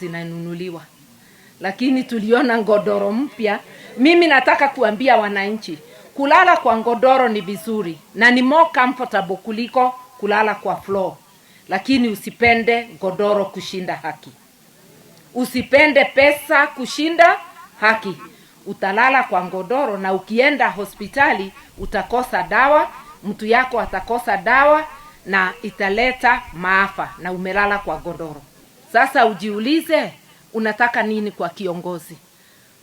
Zinanunuliwa, lakini tuliona godoro mpya. Mimi nataka kuambia wananchi, kulala kwa godoro ni vizuri na ni more comfortable kuliko kulala kwa floor, lakini usipende godoro kushinda haki, usipende pesa kushinda haki. Utalala kwa godoro na ukienda hospitali utakosa dawa, mtu yako atakosa dawa na italeta maafa, na umelala kwa godoro. Sasa ujiulize, unataka nini kwa kiongozi?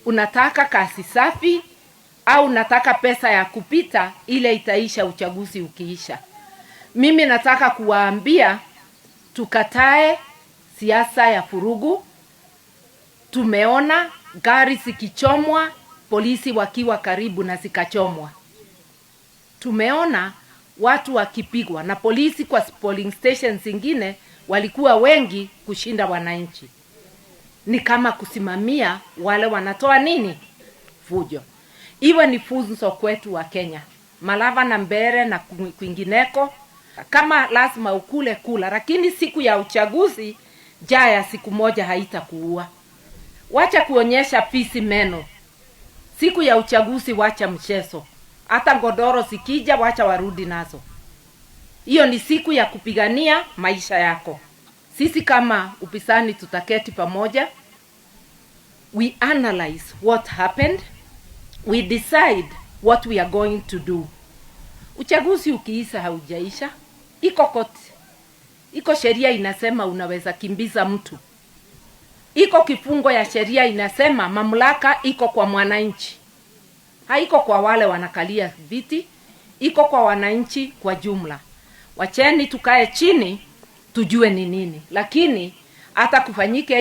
Unataka kasi safi au unataka pesa ya kupita ile itaisha uchaguzi ukiisha? Mimi nataka kuwaambia tukatae siasa ya furugu. Tumeona gari zikichomwa, polisi wakiwa karibu na zikachomwa. Tumeona watu wakipigwa na polisi kwa polling station zingine walikuwa wengi kushinda wananchi. Ni kama kusimamia wale wanatoa nini, fujo. Iwe ni funzo kwetu wa Kenya, Malava na Mbere na kwingineko, kama lazima ukule kula, lakini siku ya uchaguzi, jaa ya siku moja haitakuua. Wacha kuonyesha fisi meno siku ya uchaguzi, wacha mchezo. Hata godoro zikija, wacha warudi nazo. Hiyo ni siku ya kupigania maisha yako. Sisi kama upisani tutaketi pamoja, we analyze what happened, we decide what we are going to do. Uchaguzi ukiisha haujaisha, iko koti, iko sheria inasema unaweza kimbiza mtu, iko kifungo ya sheria inasema mamlaka iko kwa mwananchi, haiko kwa wale wanakalia viti, iko kwa wananchi kwa jumla. Wacheni tukae chini tujue ni nini, lakini hata kufanyike